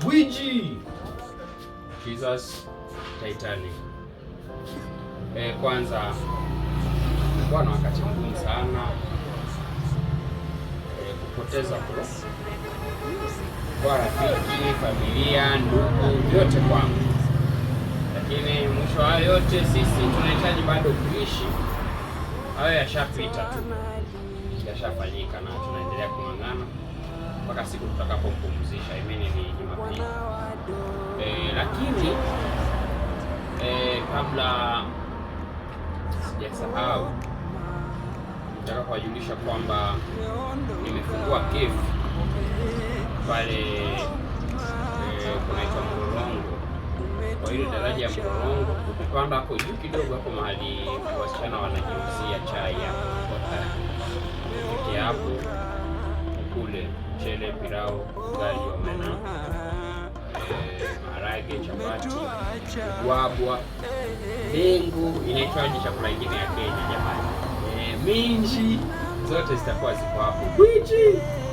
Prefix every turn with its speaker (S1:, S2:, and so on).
S1: Gwiji Jesus Titanic. E, kwanza kuwa na wakati mgumu sana e, kupoteza kwa kwa rafiki, familia, ndugu, yote kwangu, lakini mwisho wa yote sisi tunahitaji bado kuishi. Hayo yashapita tu, yashafanyika na tunaendelea kung'ang'ana mpaka siku tutakapompumzisha, imeni ni Jumapili. E, lakini e, kabla sijasahau nataka kuwajulisha kwamba nimefungua kefu pale e, kunaitwa Mlolongo kwa hilo daraja ya Mlolongo, ukipanda hapo juu kidogo, hapo mahali wasichana wanajiuzia chai hapo kunde, mchele, pirao, ugali wa mena, eh, maharage, chapati, gwabwa, dengu. Inaitwaje chakula ingine ya Kenya jamani? Eh, minji zote zitakuwa ziko hapo.